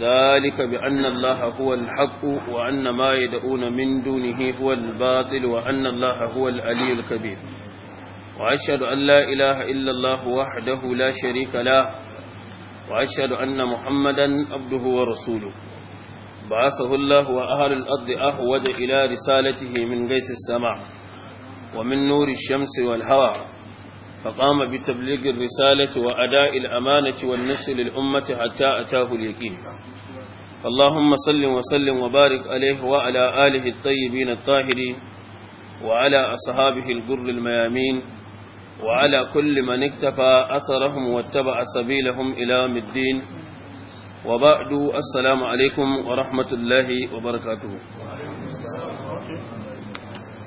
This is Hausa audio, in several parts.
ذلك بأن الله هو الحق وأن ما يدعون من دونه هو الباطل وأن الله هو العلي الكبير وأشهد أن لا إله إلا الله وحده لا شريك له وأشهد أن محمدا عبده ورسوله بعثه الله وأهل الأرض أهود إلى رسالته من قيس السماء ومن نور الشمس والهوى فقام بتبليغ الرسالة وأداء الأمانة والنصر للأمة حتى أتاه اليقين اللهم صل وسلم وبارك عليه وعلى آله الطيبين الطاهرين وعلى أصحابه الجر الميامين وعلى كل من اكتفى أثرهم واتبع سبيلهم إلى مدين وبعد السلام عليكم ورحمة الله وبركاته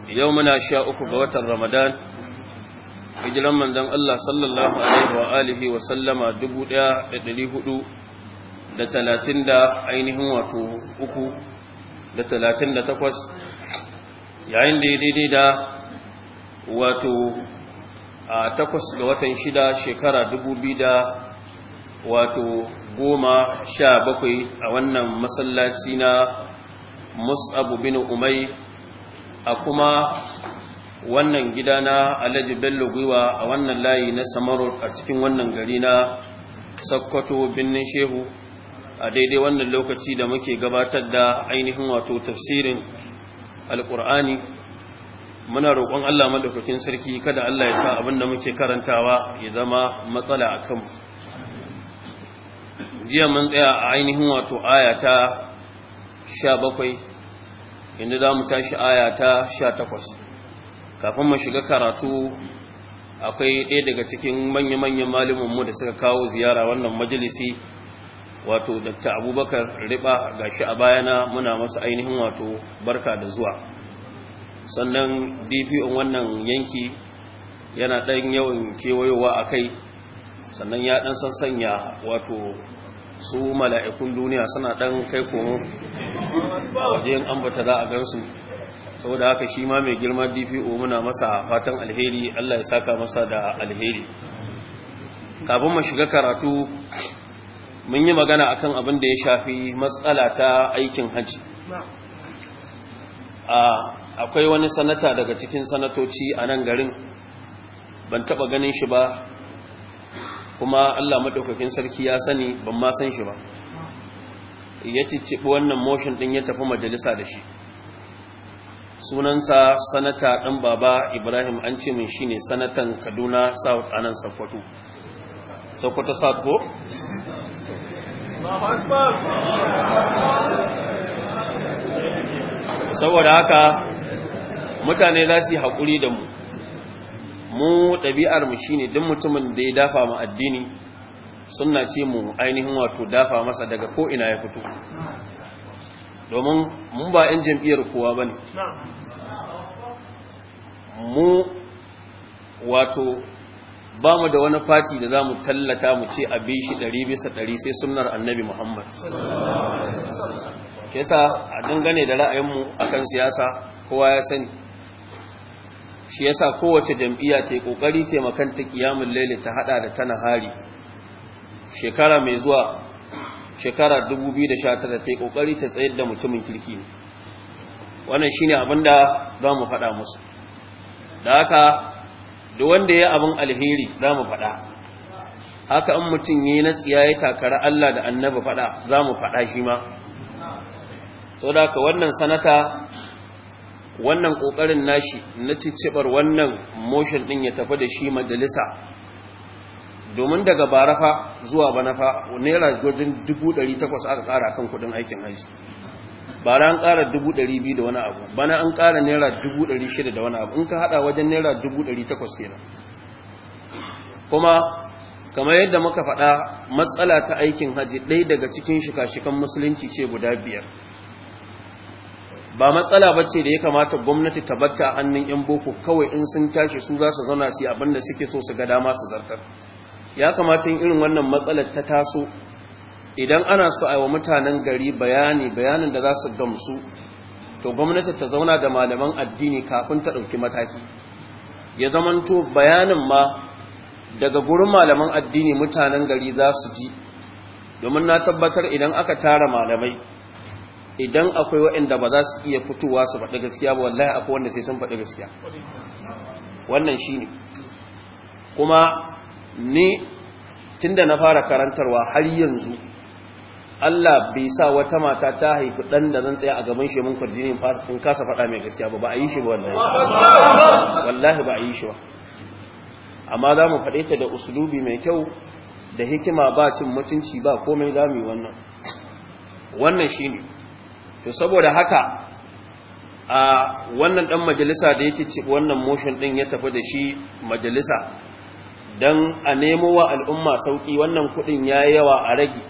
يومنا شاءك قوة رمضان hijiran manzon Allah sallallahu alaihi wa alihi wa sallama 1400 da talatin da ainihin wato uku da talatin da takwas yayin da ya daidai da wato a takwas ga watan shida shekara dubu biyu da wato goma sha bakwai a wannan masallaci na mus'abu bin umai a kuma wannan gida na alhaji bello gwiwa a wannan layi na samarot a cikin wannan gari na sakkwato birnin shehu a daidai wannan lokaci da muke gabatar da ainihin wato tafsirin alkur'ani muna roƙon Allah madaukakin sarki kada Allah ya sa abin da muke karantawa ya zama matsala a kanmu jiya mun tsaya a ainihin wato aya ta 17 inda za mu tashi aya ta 18 kafin mu shiga karatu akwai ɗaya daga cikin manya-manyan mu da suka kawo ziyara wannan majalisi wato Dr. Abubakar Riba shi a bayana muna masa ainihin wato barka da zuwa sannan DPO wannan yanki yana ɗan yawan kewayowa a kai sannan ya dan sansanya wato su mala'ikun duniya suna ɗan kai komo wajen ambata za a gansu saboda haka shi ma mai girma DPO muna masa fatan alheri Allah ya saka masa da alheri kafin mu shiga karatu mun yi magana akan abin da ya shafi matsala ta aikin hajji akwai wani sanata daga cikin sanatoci a nan garin ban taba ganin shi ba kuma Allah maɗaukakin sarki ya sani ban ma san shi ba ya cicciɓi wannan motion ɗin ya tafi majalisa da shi sunansa sanata ɗan baba ibrahim an ce min shine sanatan kaduna south anan sokoto sokoto south ko saboda haka mutane za su yi haƙuri da mu mu ɗabi'ar mu shine duk mutumin da ya dafa mu addini suna ce mu ainihin wato dafa masa daga ko ina ya fito domin mun ba 'yan jam'iyyar kowa ba ne mu wato ba mu da wani fati da za mu tallata mu ce a bi shi ɗari bisa ɗari sai sunnar annabi muhammad Ke sa a dangane da ra'ayinmu a kan siyasa kowa ya sani shi ya sa kowace jam'iyya ta yi ƙoƙari ta ƙiyamun laili ta haɗa da ta nahari shekara mai zuwa shekara 2019 ta yi ƙoƙari ta tsayar da mutumin kirki ne wannan shine abin da za mu faɗa musu da haka da wanda ya abin alheri za mu faɗa haka in mutum yi na ya takara Allah da annaba faɗa za mu faɗa shi ma so da ka wannan sanata wannan ƙoƙarin nashi na cicibar wannan motion ɗin ya tafi da shi majalisa domin daga barafa zuwa banafa naira ɗari 800 aka tsara kan kudin aikin haisi bara an kara dubu da wani abu bana an kara naira dubu da wani abu in ka haɗa wajen naira dubu ɗari takwas kenan kuma kamar yadda muka faɗa matsala ta aikin hajji ɗaya daga cikin shika-shikan musulunci ce guda biyar ba matsala ba ce da ya kamata gwamnati ta batta a hannun 'yan boko kawai in sun tashi su za su zauna su yi abin da suke so su ga dama su zartar ya kamata yin irin wannan matsalar ta taso idan ana su aiwa mutanen gari bayani bayanin da za su gamsu to gwamnati ta zauna da malaman addini kafin ta ɗauki mataki ya zamanto bayanin ma daga gurin malaman addini mutanen gari za su ji domin na tabbatar idan aka tara malamai idan akwai waɗanda ba za su iya fitowa su faɗi gaskiya ba wallahi akwai wanda sai sun faɗi gaskiya wannan shi ne kuma ni tun da na fara karantarwa har yanzu Allah bai sa wata mata ta haifi dan da zan tsaya a gaban shi mun ne in kasa faɗa mai gaskiya ba ba a yi shi ba wallahi wallahi ba a yi shi ba amma za mu faɗe ta da uslubi mai kyau da hikima ba cin mutunci ba komai za mu yi wannan wannan shi ne to saboda haka a wannan ɗan majalisa da ya ci wannan motion ɗin ya tafi da shi majalisa don a nemo wa al'umma sauƙi wannan kuɗin ya yawa a rage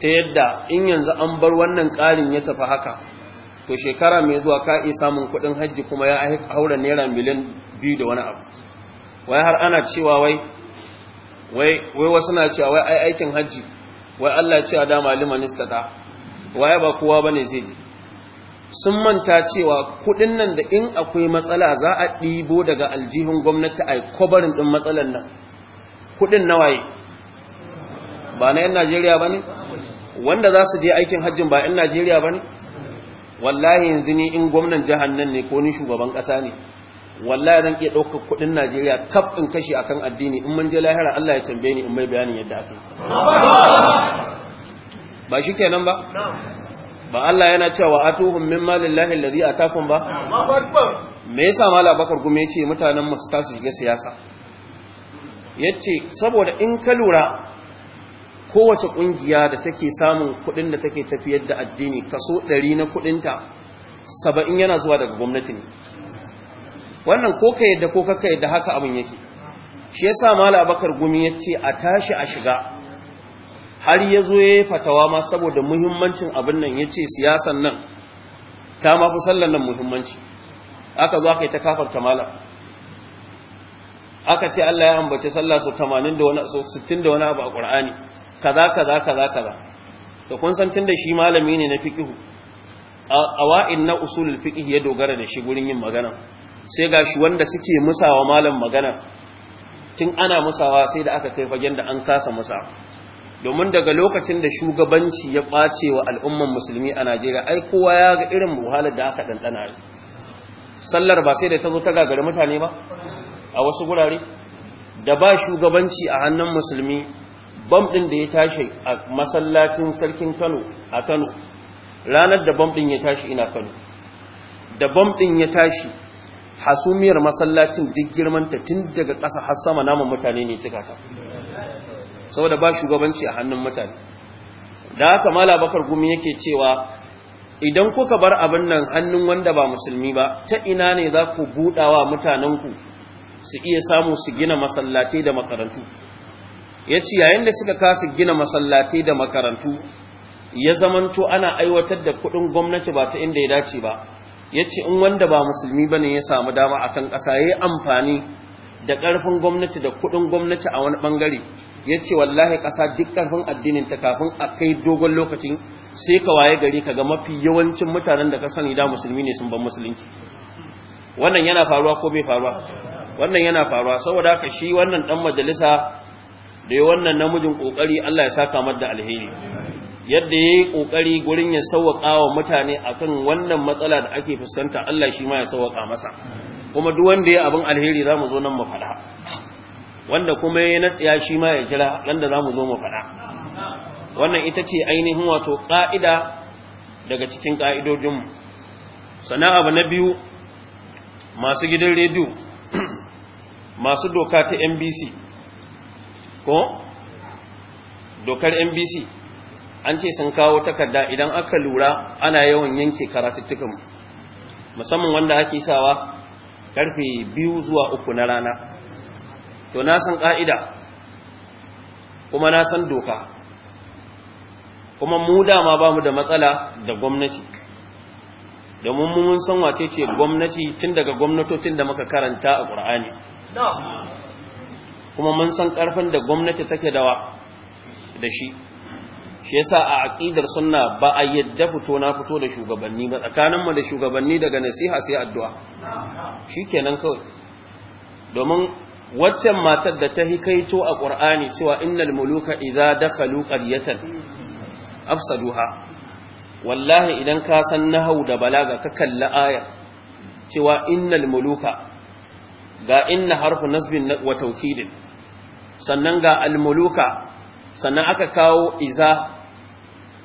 ta yadda in yanzu an bar wannan ƙarin ya tafi haka to shekara mai zuwa ka iya samun kuɗin hajji kuma ya haura naira miliyan biyu da wani abu wai har ana cewa wai wai wasu na cewa wai ai aikin hajji wai Allah a da malima nistata Wai ba kowa bane zai ji sun manta cewa kuɗin nan da in akwai matsala za a ɗibo daga aljihun gwamnati a kwabarin ɗin matsalar nan kuɗin nawaye ba na 'yan Najeriya ba ne? Wanda za su je aikin hajjin ba 'yan Najeriya ba ne? Wallahi yanzu ni in gwamnan jihar nan ne ko ni shugaban ƙasa ne, wallahi zan iya ɗaukar kuɗin Najeriya kaf in kashi akan addini in mun lahira Allah ya tambaye ni in mai bayanin yadda ake. Ba shi kenan ba? Ba Allah yana cewa atuhum min Lazi a atakum ba? Me yasa mala Bakar Gume ya ce mutanen mu su tasu shiga siyasa? Yace saboda in ka lura kowace kungiya da take samun kudin da take tafiyar da addini kaso 100 na kudinta saba'in yana zuwa daga gwamnati ne wannan ko ka yadda ko kaka yadda haka abin yake shi ya sa mala bakar gumi ya ce a tashi a shiga har ya ya yi fatawa ma saboda muhimmancin abin nan ya ce siyasan nan ta ma fi sallan nan muhimmanci aka zo aka yi ta kafarta mala aka ce Allah ya ambace sallah su 80 da wani 60 da wani abu a Qur'ani kaza kaza kaza kaza to kun san tunda shi malami ne na fiqh awa'in na usulul fiqh ya dogara da shi gurin yin magana sai gashi wanda suke musawa malam magana tun ana musawa sai da aka kai fagen da an kasa musa domin daga lokacin da shugabanci ya ɓace wa al'umman musulmi a Najeriya ai kowa ya ga irin muhalar da aka ɗanɗana sallar ba sai da ta zo ta gagari mutane ba a wasu gurare da ba shugabanci a hannun musulmi bam ɗin da ya tashi a masallacin sarkin Kano a Kano ranar da bam din ya tashi ina Kano da bam ɗin ya tashi hasumiyar masallacin duk girmanta tun daga ƙasa har sama naman mutane ne cika ta saboda ba shugabanci a hannun mutane da haka mala bakar gumi yake cewa idan kuka bar abin nan hannun wanda ba musulmi ba ta ina ne za ku mutanen ku su iya samu su gina masallaci da makarantu ya ce yayin da suka kasa gina masallatai da makarantu ya zamanto ana aiwatar da kuɗin gwamnati ba ta inda ya dace ba ya ce in wanda ba musulmi ba ne ya samu dama a kan ƙasa ya yi amfani da ƙarfin gwamnati da kuɗin gwamnati a wani ɓangare ya ce wallahi ƙasa duk ƙarfin addinin ta kafin a kai dogon lokaci sai ka waye gari ka ga mafi yawancin mutanen da ka sani da musulmi ne sun ban musulunci wannan yana faruwa ko bai faruwa wannan yana faruwa saboda haka shi wannan dan majalisa da ya wannan namijin ƙoƙari Allah ya saka mada da alheri yadda ya yi ƙoƙari gurin ya sauwaka wa mutane a kan wannan matsala da ake fuskanta Allah shi ma ya sauwaka masa kuma duk wanda ya abin alheri za mu zo nan mu faɗa wanda kuma ya natsiya shi ma ya jira nan da za mu zo mu faɗa wannan ita ce ainihin wato ƙa'ida daga cikin ƙa'idojinmu Sana'a ba na biyu masu gidan rediyo masu doka ta NBC ko dokar mbc an ce sun kawo takarda idan aka lura ana yawan yanke karatuttukan musamman wanda ake sawa karfe biyu zuwa uku na rana to na san ƙa'ida kuma na san doka kuma mu dama ba mu da matsala da gwamnati domin mun san wace ce gwamnati tun daga gwamnatocin da muka karanta a ƙur'ani kuma mun san ƙarfin da gwamnati take dawa da shi shi yasa a aqidar sunna ba a yadda fito na fito da shugabanni ba tsakaninmu da shugabanni daga nasiha sai addu'a shikenan kawai domin waccan matar da ta hikaito a ƙur'ani cewa innal muluka idza dakhalu qaryatan afsaduha wallahi idan ka san nahau da balaga ka kalli ayar cewa innal muluka ga inna harfu nasbin wa tawkidin sannan ga almuluka sannan aka kawo iza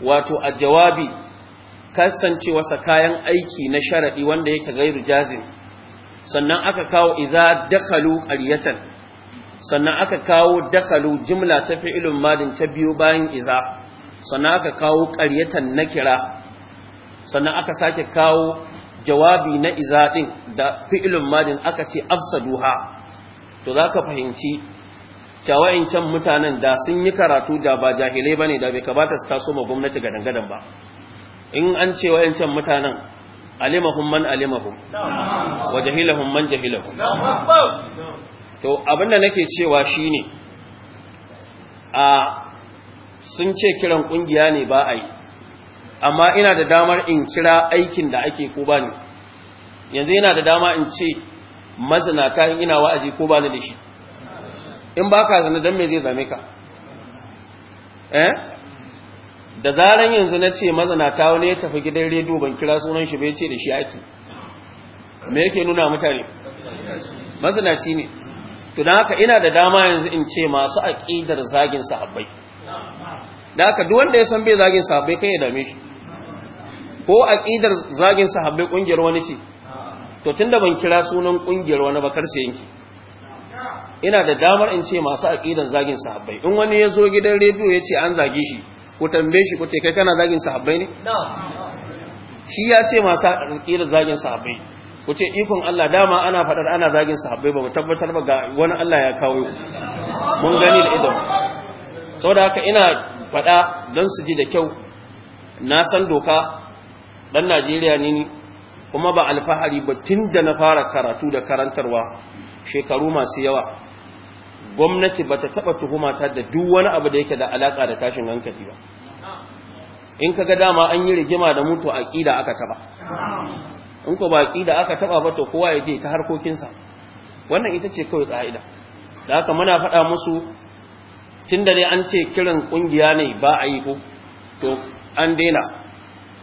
wato a jawabi kasance wasa kayan aiki na sharaɗi wanda yake gairu jazin sannan aka kawo iza dakalu ƙaryatan sannan aka kawo dakalu jimla ta fi'ilun madin ta biyu bayan iza sannan aka kawo ƙaryatan na kira sannan aka sake kawo jawabi na iza ɗin da fi'ilun madin aka ce afsaduha to za ka fahimci cewa can mutanen da sun yi karatu da ba jahilai ba ne da bai kamata su taso ma gwamnati ga dangadan ba in an ce can mutanen alimahum man alimahum wa jahilahum man jahilahum to abinda nake cewa shine a sun ce kiran kungiya ne ba a yi amma ina da damar in kira aikin da ake ko ba ni yanzu yana da dama in ce mazinata ina wa'azi ko ba ni da shi in ba ka zina don me zai zame ka eh da zaren yanzu na ce mazanata wani ya tafi gidan rediyo ban kira sunan shi bai ce da shi ake me yake nuna mutane mazanaci ne to don haka ina da dama yanzu in ce masu aƙidar zagin sahabbai da haka duk wanda ya san bai zagin sahabbai kai ya dame shi ko aƙidar zagin sahabbai ƙungiyar wani ce to tun da ban kira sunan ƙungiyar wani ba kar sai yanki ina da damar in ce masu aqidan zagin sahabbai in wani ya zo gidan rediyo ya ce an zage shi ku tambaye shi ku ce kai kana zagin sahabbai ne shi ya ce masu aqidan zagin sahabbai ku ce ikon Allah dama ana faɗar ana zagin sahabbai ba mu tabbatar ba ga wani Allah ya kawo mun gani da idan saboda haka ina faɗa don su ji da kyau na san doka dan Najeriya ne kuma ba alfahari ba tun da na fara karatu da karantarwa shekaru masu yawa gwamnati bata taɓa tuhumata da duk wani abu da yake da alaka da tashin hankali ba in ka ga dama an yi rigima da mutu aqida aka taba in ko ba aqida aka taba ba to kowa ya je ta harkokinsa wannan ita ce kawai ka'ida da haka muna faɗa musu tunda dai an ce kiran ƙungiya ne ba a yi ko to an daina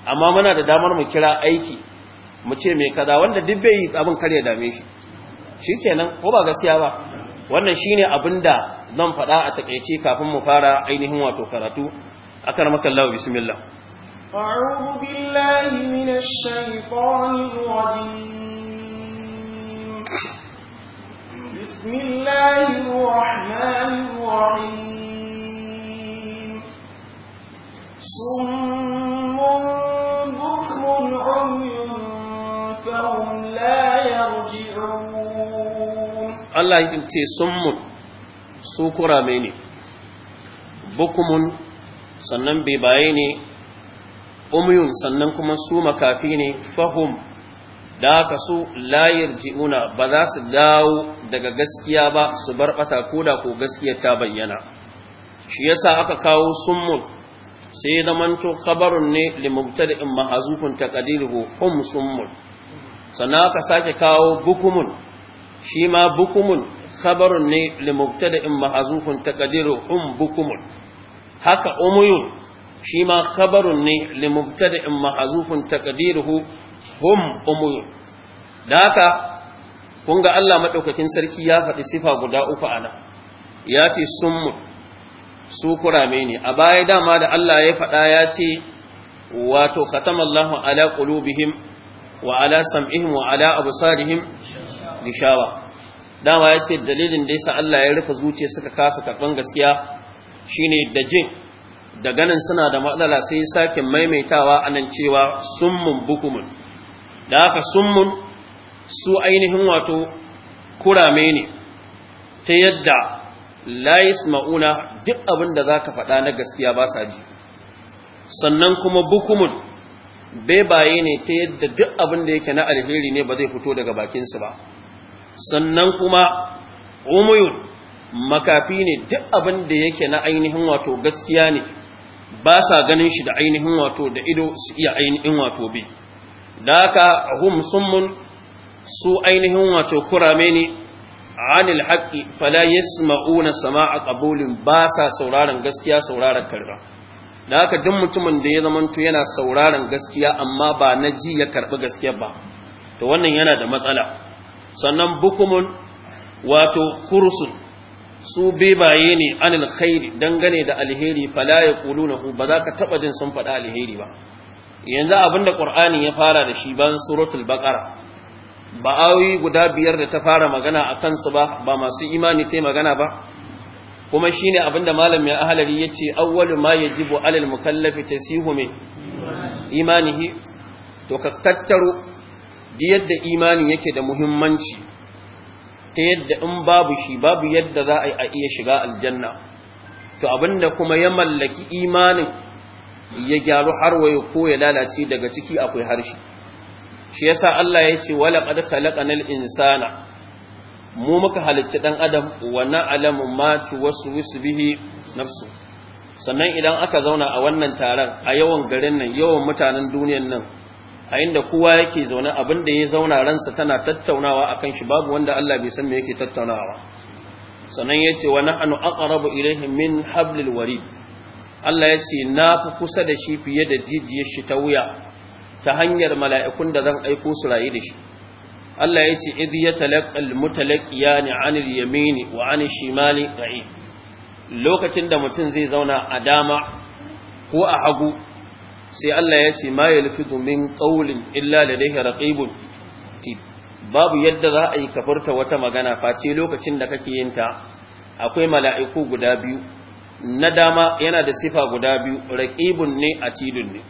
amma muna da damar mu kira aiki mu ce mai kaza wanda duk bai yi tsabin kar ya dame shi Shi shikenan ko ba gaskiya ba wannan shine abin da zan faɗa a taƙaice kafin mu fara ainihin wato karatu A akar makallahu bismillah أعوذ بالله من الشيطان الرجيم بسم الله الرحمن الرحيم Allah ya ce summun su kurame ne bukumun sannan bebaye ne umyun sannan kuma su makafi ne fahum da aka su layar ji'una ba za su dawo daga gaskiya ba su bar ko da ko gaskiya ta bayyana shi yasa aka kawo summun sai zamanto kabarun ne da limubtadi'in mahazufun taqdiruhu hum summun sannan aka sake kawo bukumun shi ma bukumun khabarun ne in mahazufun taqdiru hum haka umuyun shi ma khabarun ne in mahazufun taqdiruhu hum umuyun da haka kun ga Allah madaukakin sarki ya faɗi sifa guda uku ana ya ce summun su kurame ne a baya dama da Allah ya faɗa ya ce wato khatamallahu ala qulubihim wa ala sam'ihim wa ala absarihim Rishawa, dama ya ce dalilin da yasa Allah ya rufe zuciya suka kasa karban gaskiya shine da jin da ganin suna da matsala sai sake maimaitawa anan cewa summun bukumun da haka summun su ainihin wato kurame ne ta yadda la yasma'una duk abin da zaka faɗa na gaskiya ba sa ji sannan kuma bukumun bebaye ne ta yadda duk abin da yake na alheri ne ba zai fito daga bakinsu ba sannan kuma umuyun makafi ne duk abin da yake na ainihin wato gaskiya ne ba sa ganin shi da ainihin wato da ido su iya ainihin wato bi da haka hum summun su ainihin wato kurame ne anil haqqi fala yasma'una sama'a qabulin ba sa sauraron gaskiya sauraron karba da ka duk mutumin da ya zamanto yana sauraron gaskiya amma ba na ji ya karɓi gaskiya ba to wannan yana da matsala sannan bukumun wato kursun su bebaye ne anil khairi dangane da alheri fala ya na ba za ka taba jin sun faɗa alheri ba yanzu abinda ƙur'ani ya fara da shi ban suratul baqara ba ayoyi guda biyar da ta fara magana a kansu ba ba masu imani ta magana ba kuma shi shine abinda malam ya ahalari ce awwalu ma ya yajibu alal mukallafi sihu mai imanihi to ka tattaro da yadda imani yake da muhimmanci ta yadda in babu shi babu yadda za a iya shiga aljanna to abinda kuma ya mallaki imanin ya gyaru har waye ko ya lalace daga ciki akwai harshe shi yasa Allah ya ce wala qad khalaqanal insana mu muka halicci dan adam wa na'lamu ma tuwaswisu bihi nafsu sannan idan aka zauna a wannan taron a yawan garin nan yawan mutanen duniyar nan a inda kowa yake zaune abin da ya zauna ransa tana tattaunawa a kan shi babu wanda Allah bai san me yake tattaunawa sannan yace wa nahnu aqrabu ilayhi min hablil warid Allah yace na fi kusa da shi fiye da jijiyar shi ta wuya ta hanyar mala'ikun da zan aiko su rayu da shi Allah yace idh yatalaqal mutalaqiyani 'anil yamini wa 'anil shimali ra'i lokacin da mutum zai zauna a dama ko a hagu sai Allah ya ce ma yalfidu min qawlin illa ladayhi raqibun babu yadda za a yi kafarta wata magana face lokacin da kake yin ta akwai mala'iku guda biyu na dama yana da sifa guda biyu raqibun ne tidun ne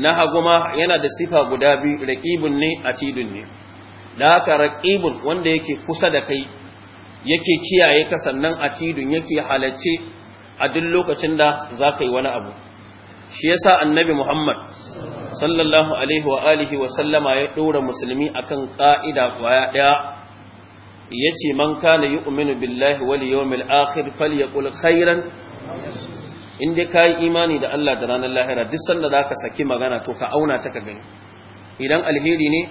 na haguma yana da sifa guda biyu raqibun ne tidun ne da haka raqibun wanda yake kusa da kai yake kiyaye ka sannan a tidun yake halacce a duk lokacin da za ka yi wani abu shi yasa annabi Muhammad sallallahu alaihi wa alihi wa sallama ya dora musulmi akan ka'ida kwaya daya yace man kana yu'minu billahi wal yawmil akhir falyaqul khairan inda kai imani da Allah da ranar lahira duk sanda zaka saki magana to ka auna ta ka gani idan alheri ne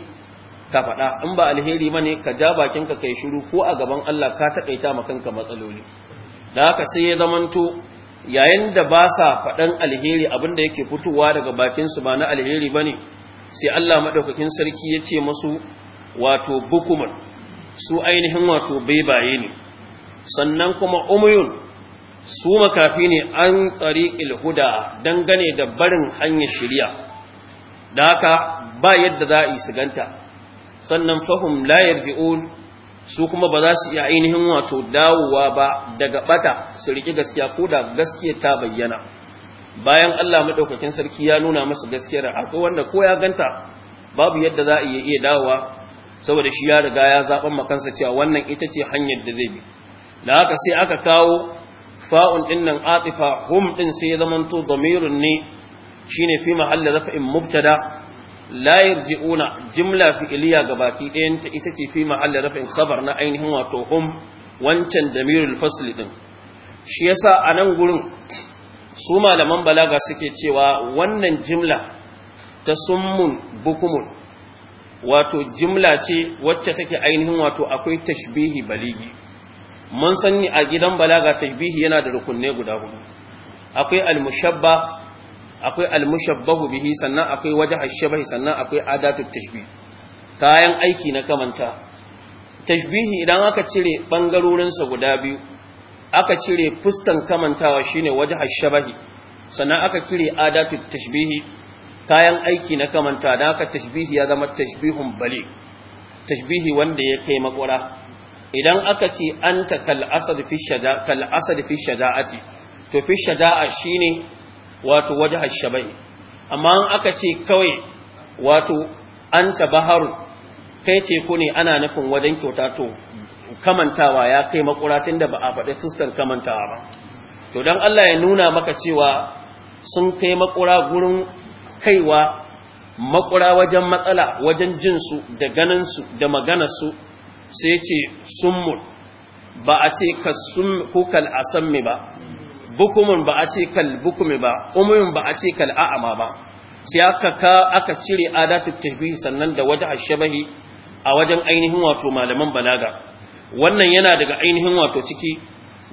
ka faɗa in ba alheri ne ka ja bakinka kai shiru ko a gaban Allah ka taƙaita ma kanka matsaloli da haka sai ya zamanto yayin da ba sa faɗan alheri abinda yake fitowa daga bakin su ba na alheri ba ne sai Allah maɗaukakin sarki ya ce masu wato bukuman su ainihin wato baibaye ne sannan kuma umuyun su makafi ne an tsari ilhuda dangane da barin hanyar shirya da haka ba yadda za a yi su ganta sannan fahim layar zi'un su kuma ba za su iya ainihin wato dawowa ba daga bata su riƙi gaskiya ko da gaskiya ta bayyana bayan Allah maɗaukakin sarki ya nuna masa gaskiyar akwai wanda ko ya ganta babu yadda za a iya iya dawowa saboda shi ya riga ya zaɓen makansa cewa wannan ita ce hanyar da zai bi da haka sai aka kawo fa'un ɗin nan atifa hum ɗin sai ya zamanto damirun ne shine fi mahalla rafa'in mubtada la ji'una, jimla fi'iliya gabaki ɗayanta ita ce fi mahalli rafin khabar na ainihin wato hum wancan damirul fasli din shi yasa a nan gurin su malaman balaga suke cewa wannan jimla ta summun bukumun wato jimla ce wacce take ainihin wato akwai tashbihi baligi mun sani a gidan balaga tashbihi yana da rukunne guda hudu akwai almushabba akwai almushabbahu bihi sannan akwai wajha shabahi sannan akwai adatu tashbih kayan aiki na kamanta tashbihi idan aka cire bangarorin sa guda biyu aka cire fustan kamantawa shine wajha shabahi sannan aka cire adatu tashbihi kayan aiki na kamanta dan aka tashbihi ya zama tashbihun bali tashbihi wanda ya kai makwara idan aka ce anta kal asad fi shada kal asad fi shada'ati to fi shada'a shine wato waje hashabai amma an aka ce kawai wato an baharu kai teku ne ana nufin wajen kyauta to kamantawa ya kai makuratin da ba a faɗi fuskar kamantawa ba to don Allah ya nuna maka cewa sun kai makura gurin kaiwa makura wajen matsala wajen jinsu da ganinsu da maganarsu sai ce sun ba a ce ko a asammi ba bukumin ba a ce kal bukumi ba umumin ba a ce kal a'ama ba sai aka ka aka cire adatu tahbih sannan da waje ashabahi a wajen ainihin wato malaman balaga wannan yana daga ainihin wato ciki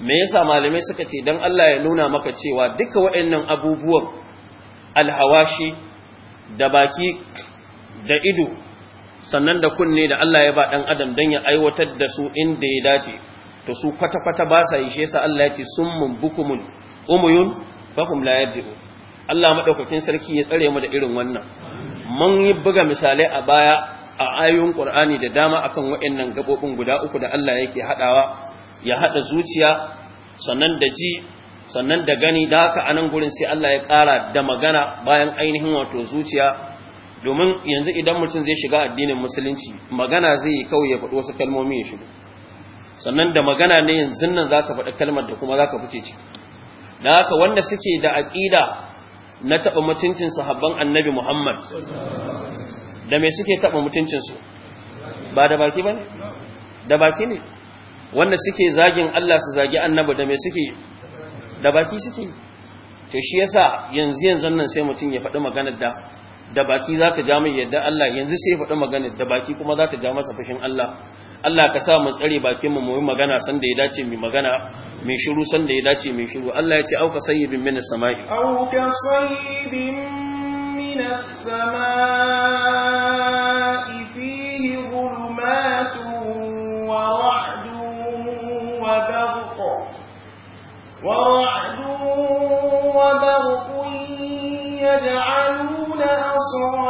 me yasa malamai suka ce dan Allah ya nuna maka cewa duka waɗannan abubuwan alhawashi da baki da ido sannan da kunne da Allah ya ba dan adam dan ya aiwatar da su inda ya dace to su kwata-kwata ba sa yi shi Allah ya ce summun bukumun umuyun fahum la yabdu Allah madaukakin sarki ya tsare mu da irin wannan mun yi buga misalai a baya a ayoyin Qur'ani da dama akan waɗannan gabobin guda uku da Allah yake hadawa ya hada zuciya sannan da ji sannan da gani da haka anan gurin sai Allah ya ƙara da magana bayan ainihin wato zuciya domin yanzu idan mutum zai shiga addinin musulunci magana zai yi kawai ya faɗi wasu kalmomi ya shigo sannan da magana ne yanzu nan za ka faɗa kalmar da kuma za ka fice ciki Da haka wanda suke da aƙida na taɓa mutuncinsu habban annabi Muhammad da mai suke taɓa mutuncinsu, ba da baki ba ne? da baki ne wanda suke zagin Allah su zagi annabi da mai suke da baki suke to shi yasa yanzu yanzu nan sai mutum ya faɗi maganar da da baki za ta ja mai yadda Allah yanzu sai ya faɗi maganar da baki kuma za ta ja masa fashin Allah Allah ka sa mu tsare bakin mu mu magana san da ya dace mu magana mai shiru san da ya dace mai shiru Allah ya ce auka sayyibin min as-sama'i auka sayyibin min as-sama'i fihi ghulumatu wa rahdun wa barq wa rahdun wa barq yaj'aluna asra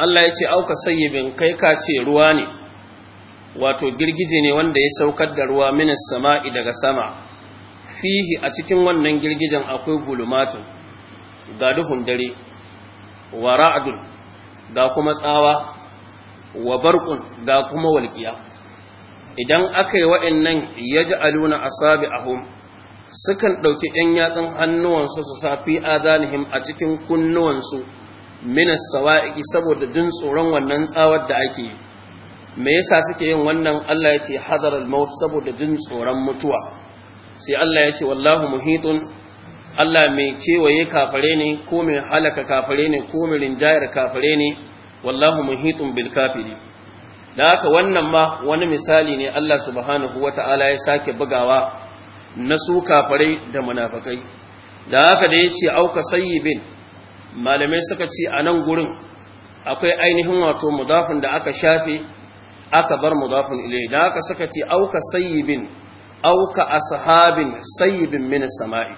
Allah ya ce auka sayyibin kai ka ce ruwa ne wato girgije ne wanda ya saukar da ruwa minas sama'i daga sama fihi a cikin wannan girgijen akwai gulumatun ga duhun dare wa ra'adun ga kuma tsawa wa barqun ga kuma walƙiya. idan aka yi wa'annan yaj'aluna asabi'ahum sukan ɗauki ɗan yatsun hannuwansu su safi fi a cikin kunnuwansu minas sawa'iki saboda jin tsoron wannan tsawar da ake yi me yasa suke yin wannan Allah ya ce hadar al-maut saboda jin tsoron mutuwa sai Allah ya ce wallahu muhitun Allah mai kewaye kafare ne ko mai halaka kafare ne ko mai rinjayar kafare ne wallahu muhitun bil kafiri da haka wannan ma wani misali ne Allah subhanahu wata'ala ya sake bugawa na su kafare da munafikai da haka da yace auka sayyibin malamai suka ce a nan gurin akwai ainihin wato mudafin da aka shafe aka bar mudafin ilai da aka suka ce auka sayyibin auka ashabin sayyibin min sama'i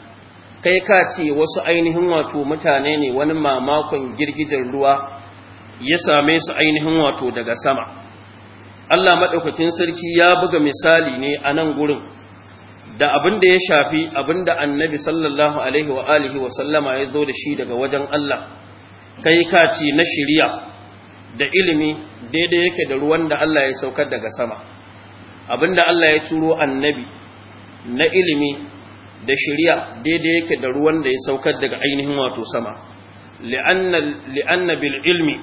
kai ka ce wasu ainihin wato mutane ne wani mamakon girgijar ruwa ya same su ainihin wato daga sama Allah maɗaukacin sarki ya buga misali ne a nan gurin da abin da ya shafi abin da annabi sallallahu alaihi wa alihi wa sallama ya zo da shi daga wajen Allah kai kaci na shiriya da ilimi daidai yake da ruwan da Allah ya saukar daga sama abin da Allah ya turo annabi na ilimi da shiriya daidai yake da ruwan da ya saukar daga ainihin wato sama li'anna bil ilmi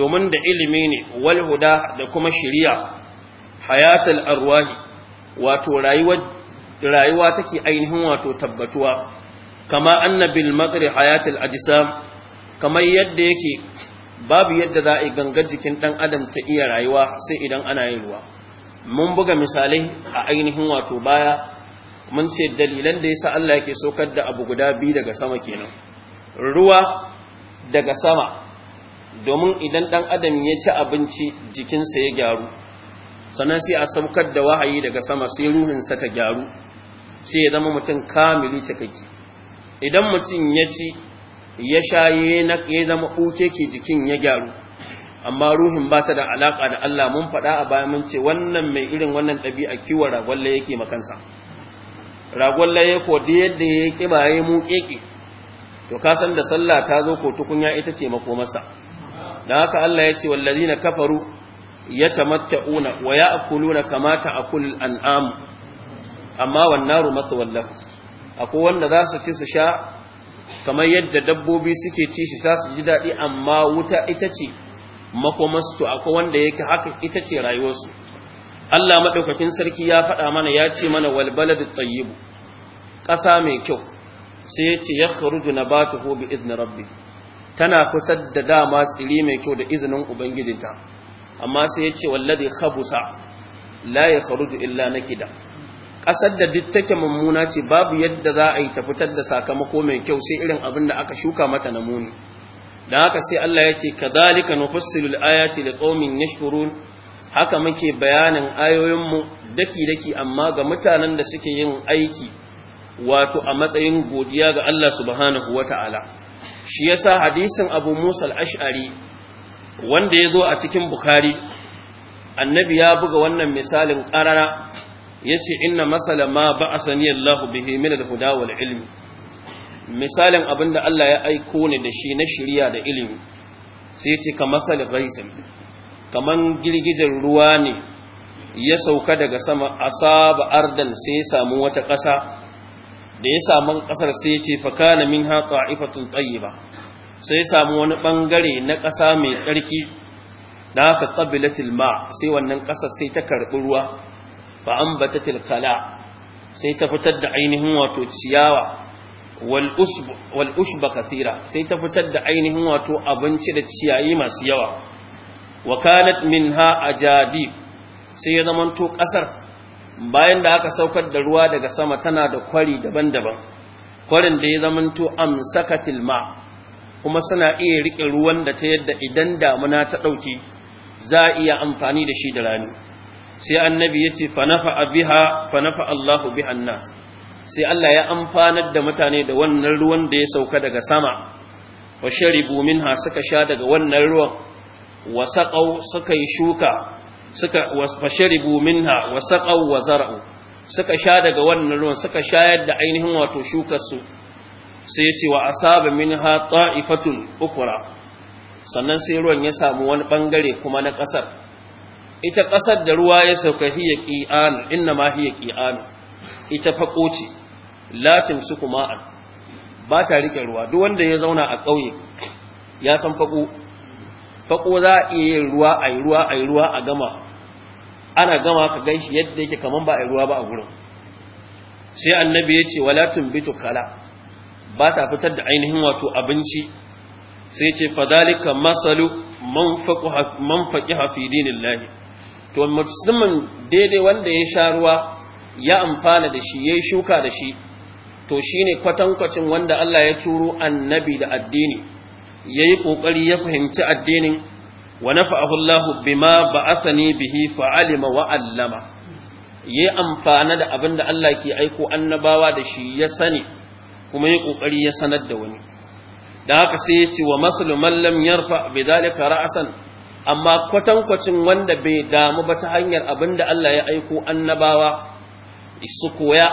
domin da ilimi ne wal huda da kuma shiriya hayatul arwahi wato rayuwar rayuwa take ainihin wato tabbatuwa kama annabil matri hayatil ajsam kamar yadda yake babu yadda za a ganga jikin dan adam ta iya rayuwa sai idan ana yin ruwa mun buga misalai a ainihin wato baya mun ce dalilan da yasa Allah yake saukar da abu guda biyu daga sama kenan ruwa daga sama domin idan ɗan adam ya ci abinci jikinsa ya gyaru sannan sai a saukar da wahayi daga sama sai ruhinsa ta gyaru sai ya zama mutum kamili cikakke idan mutum ya ci ya sha ya zama uke ke jikin ya gyaru amma ruhin ba ta da alaƙa da Allah mun faɗa a bayan mun ce wannan mai irin wannan ɗabi'a kiwon ragwalle yake makansa ragwalle ya ko yadda ya yi ba ya mu ƙeƙe to ka san da sallah ta zo ko tukunya ita ce makomarsa da haka Allah ya ce na kafaru ya una wa ya'kuluna kamata akul an'am amma wannaru masa wallahu akwai wanda za su ci su sha kamar yadda dabbobi suke ci shi za su ji daɗi amma wuta ita ce makomastu akwai wanda yake haka ita ce rayuwarsu Allah maɗaukakin sarki ya faɗa mana ya ce mana walbala da ƙasa mai kyau sai ya ce ya kharuju na ba ta hobi izinin rabbi tana fitar da dama tsiri mai kyau da izinin ubangijinta amma sai ya ce wallade khabusa la ya kharuju illa na kida ƙasar da duk take mummuna ce babu yadda za a yi ta fitar da sakamako mai kyau sai irin abin da aka shuka mata na muni da haka sai Allah ya ce ka kadhalika aya ce da liqaumin yashkurun haka muke bayanin ayoyinmu daki daki amma ga mutanen da suke yin aiki wato a matsayin godiya ga Allah subhanahu ta'ala shi yasa hadisin Abu Musa wanda ya zo a cikin Bukhari annabi ya buga wannan misalin ƙarara Ya yace inna matsala ma ba'asani Allah bihi min al-huda wal ilmi misalin abinda Allah ya aiko ne da shi na shirya da ilimi sai yace ka masal ghaisin kaman girgijin ruwa ne ya sauka daga sama a saba ardan sai ya samu wata ƙasa da ya samu ƙasar sai yace fa kana minha ta'ifatun tayyiba sai ya samu wani ɓangare na ƙasa mai tsarki da haka qabilatil ma sai wannan ƙasa sai ta karɓi ruwa fa ambatatil tilkala sai ta fitar da ainihin wato ciyawa wal ushba kathira sai ta fitar da ainihin wato abinci da ciyayi masu yawa wakalat minha ajadib sai ya zamanto kasar bayan da aka saukar da ruwa daga sama tana da kwari daban-daban kwarin da ya zamanto amsakatil ma kuma suna iya rike ruwan da ta yadda idan damuna ta dauke za a iya amfani da shi da rani sai annabi ya ce fanafa abiha fanafa Allahu bi annas sai Allah ya amfanar da mutane da wannan ruwan da ya sauka daga sama wa sharibu minha suka sha daga wannan ruwan wa saqaw suka yi shuka suka wa sharibu minha wa saqaw wa zar'u suka sha daga wannan ruwan suka shayar da ainihin wato shukar su sai ya ce wa asaba minha ta'ifatun ukra sannan sai ruwan ya samu wani bangare kuma na kasar ita ƙasar da ruwa ya sauka ya ƙi'anu inna ma ya ƙi'anu ita faƙo ce latin su kuma an ba ta riƙe ruwa duk wanda ya zauna a ƙauye ya san faƙo faƙo za a iya yin ruwa a yi ruwa a yi ruwa a gama ana gama ka gan yadda yake kamar ba a ruwa ba a gurin sai annabi ya ce walatin bitu kala ba ta fitar da ainihin wato abinci sai ce fadalika masalu man faqiha fi dinillahi to musulmin daidai wanda ya sha ruwa ya amfana da shi ya yi shuka da shi to shi ne kwatankwacin wanda Allah ya turo annabi da addini ya yi ƙoƙari ya fahimci addinin wa nafa'ahu Allah bima ne bihi fa'alima wa 'allama yi amfana da abin da Allah ke aiko annabawa da shi ya sani kuma ya ƙoƙari ya sanar da wani da haka sai ya ce wa masulman lam yarfa dalika ra'san amma kwatankwacin wanda bai damu ba ta hanyar abin da Allah ya aiko annabawa su koya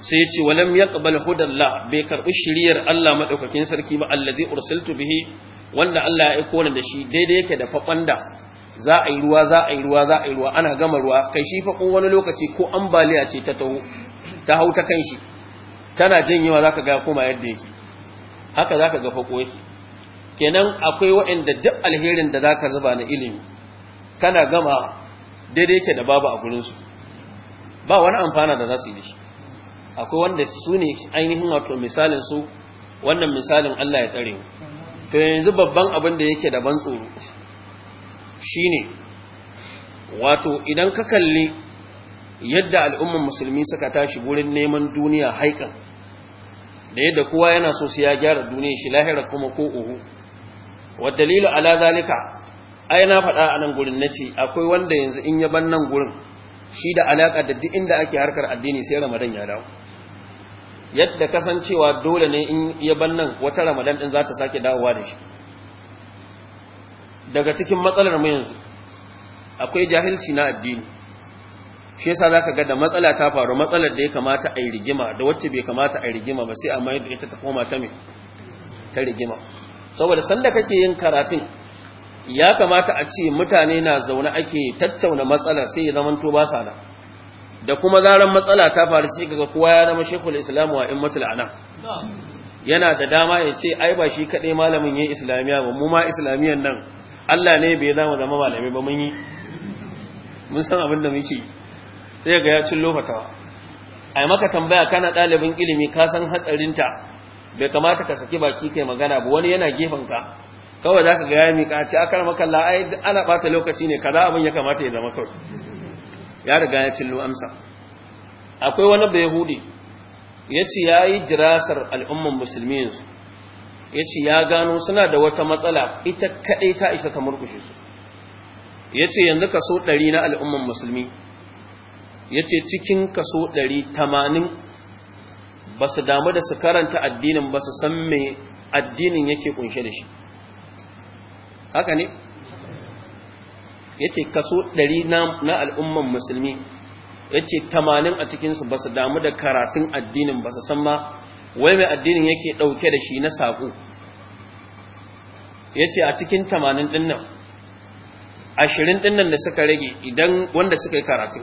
sai ce walam yaqbal hudallah bai karbi shiriyar Allah madaukakin sarki ba allazi ursiltu bihi wanda Allah ya aiko ni da shi daidai yake da fakwanda za a yi ruwa za a yi ruwa za a yi ruwa ana gama ruwa kai shi fa wani lokaci ko ambaliya ce ta taho ta hau ta kanshi tana janyewa zaka ga koma yadda yake haka zaka ga fako yake kenan akwai waɗanda duk alherin da zaka zuba na ilimi kana gama daidai ke da babu a gurinsu ba wani amfana da za su yi akwai wanda su ne ainihin wato misalin su wannan misalin Allah ya tsare mu to yanzu babban abin da yake da ban tsoro shine wato idan ka kalli yadda al'ummar musulmi suka tashi gurin neman duniya haikan da yadda kowa yana so su ya gyara duniya shi lahira kuma ko uhu wa dalilu ala zalika ai na faɗa a nan gurin nace akwai wanda yanzu in ya ban nan gurin shi da alaka da duk inda ake harkar addini sai ramadan ya dawo yadda kasancewa dole ne in ya ban nan wata ramadan din za ta sake dawowa da shi daga cikin matsalar mu yanzu akwai jahilci na addini shi yasa zaka ga da matsala ta faru matsalar da ya kamata a yi rigima da wacce bai kamata a yi rigima ba sai amma yadda ita ta koma ta ta rigima saboda sanda kake yin karatun ya kamata a ce mutane na zaune ake tattauna matsala sai ya zamanto ba sa da da kuma zaran matsala ta faru sai kaga kowa ya zama shekul islamu wa immatul ana yana da dama ya ce ai ba shi kaɗai malamin yin islamiya ba mu ma islamiyan nan Allah ne bai zama zama malami ba mun yi mun san abin da ce. sai ga ya cin lofatawa ai maka tambaya kana ɗalibin ilimi ka san hatsarinta bai kamata ka saki baki kai magana ba wani yana gefen ka kawai ka ga ya mika ci akar makalla ai ana bata lokaci ne kaza abin ya kamata ya zama kawai ya riga ya cillo amsa akwai wani da yahudi yace yayi dirasar al'umman musulmi yanzu yace ya gano suna da wata matsala ita kadai ta isa ta murkushe su yace yanzu kaso ɗari na al'umman musulmi yace cikin kaso tamanin. ba su damu da su karanta addinin ba su san me addinin yake kunshe da shi haka ne Ya ce kaso 100 na al'umman musulmi ya ce 80 a cikinsu ba su damu da karatun addinin ba su san ma wai mai addinin yake dauke da shi na saƙo? Ya ce a cikin 80 din nan 20 din nan da suka rage idan wanda suka yi karatu